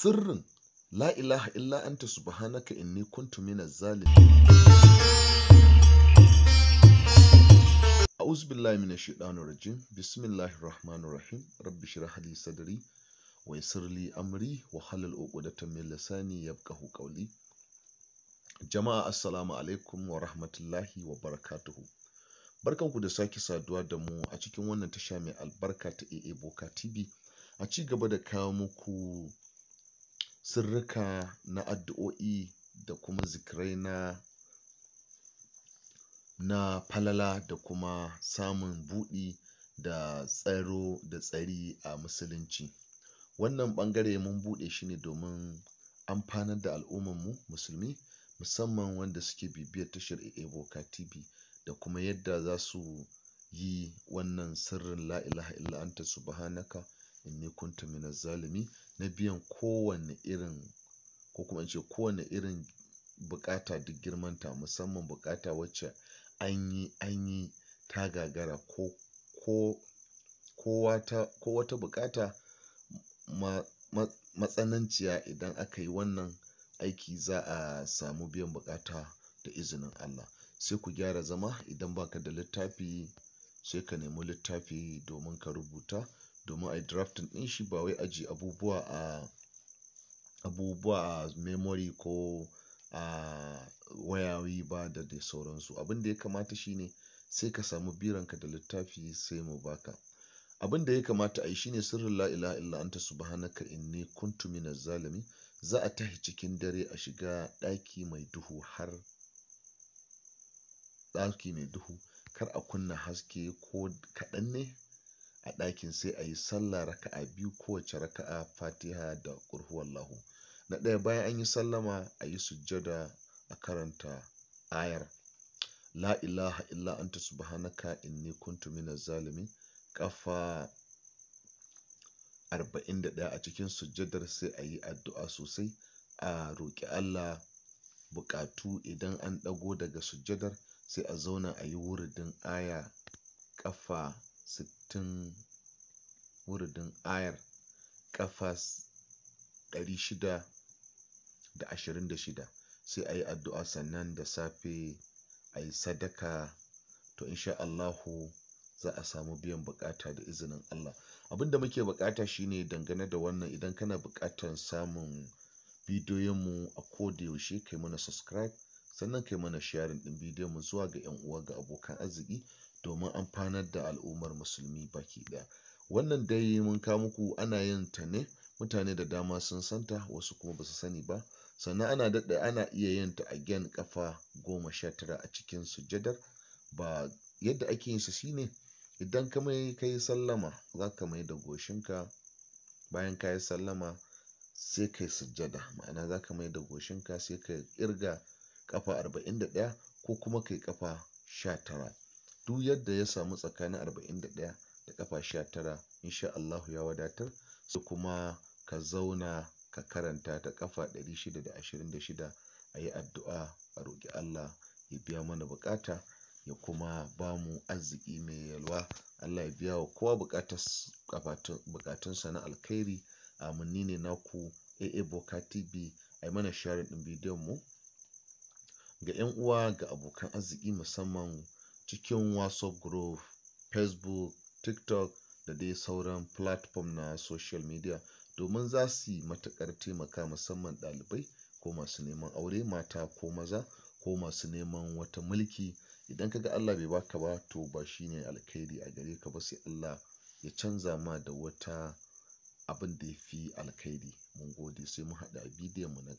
sirrin la ilaha illa anta subhanaka inni kuntu minaz zalimin أعوذ بالله من الشيطان الرجيم بسم الله الرحمن الرحيم رب اشرح لي صدري ويسر لي da ta عقدة من ya يفقه قولي jama'a assalamu alaikum wa rahmatullahi wa barakatuhu barkanku da sake saduwa da mu a cikin wannan tasha mai albarka ta AA Boka TV a ci gaba da kawo muku sirrika na addu'o'i da kuma zikirai na na falala da kuma samun buɗi da tsaro da tsari a musulunci wannan ɓangare mun buɗe shi ne domin amfanar da mu musulmi musamman wanda suke bibiyar tashar evoca tv da kuma yadda za su yi wannan sirrin la ilaha illa anta subhanaka inni kuntu min zalimi na biyan kowanne irin ko kuma kowanne irin buƙata duk girmanta musamman buƙata wacce anyi yi an yi ta gagara ko ko ko wata ko matsananciya idan aka yi wannan aiki za a samu biyan bukata da izinin Allah sai ku gyara zama idan baka da littafi sai ka nemi littafi domin ka rubuta domin a yi drafting ɗin shi ba wai aji abubuwa a abubuwa a memory ko a wayawi ba da dai sauransu. Abin da ya kamata shine sai ka samu biranka da littafi sai mu baka. Abin da ya kamata a yi shine sirrin la ilaha illa anta subhanaka inni kuntu minaz zalimin. Za a tahi cikin dare a shiga ɗaki mai duhu har ɗaki mai duhu kar a kunna haske ko kaɗan ne a ɗakin sai a yi sallah raka'a biyu kowace raka'a fatiha da ƙurhuwallahu na ɗaya bayan an yi sallama a yi sujjada a karanta ayar la ilaha illa anta subhanaka inni kuntu minaz zalimin kafa 41 a cikin sujjadar sai a yi addu'a sosai a roƙi Allah buƙatu idan an ɗago daga sujjadar sai a zauna a yi wuridin aya ƙafa sittin wuridin ayar ƙafas ɗari shida da ashirin da shida sai a yi addu'a sannan da safe ayi sadaka to insha Allahu za a samu biyan buƙata da izinin Allah abin da muke buƙata shine dangane da wannan idan kana buƙatar samun bidiyoyinmu a koda yaushe kai mana subscribe sannan kai mana sharing ɗin bidiyon zuwa ga 'yan uwa ga abokan arziki domin amfanar da al'ummar musulmi baki ɗaya. Wannan dai mun kawo muku ana yin ta ne mutane da dama sun santa wasu kuma basu sani ba. Sannan ana daɗe ana iya yin ta a gyan kafa goma sha tara a cikin sujjadar ba yadda ake yin shi shine idan ka mai ka yi sallama za ka mai da goshinka bayan ka yi sallama sai ka sujjada ma'ana za ka mai da goshinka sai ka kirga ƙafa arba'in da ɗaya ko kuma ka yi ƙafa sha tara. duk yadda ya samu tsakanin arba'in da ɗaya da ƙafa sha tara insha Allahu ya wadatar sai kuma ka zauna ka karanta ta ƙafa ɗari a yi addu'a a roƙi Allah ya biya mana buƙata ya kuma ba mu arziki mai yalwa Allah ya biya wa kowa buƙatunsa na alkhairi amin ni ne naku AA Boka TV a mana sharing ɗin bidiyon mu ga 'yan uwa ga abokan arziki musamman cikin WhatsApp group, fesbuk TikTok da dai sauran platform na social media domin za su yi matuƙar taimaka musamman ɗalibai ko masu neman aure mata ko maza ko masu neman wata mulki. Idan ka ga Allah bai baka ba to ba shine alkhairi a gare ka ba sai Allah ya canza ma da wata abinda da ya fi alkhairi. Mun gode sai mu haɗu a bidiyon mu na.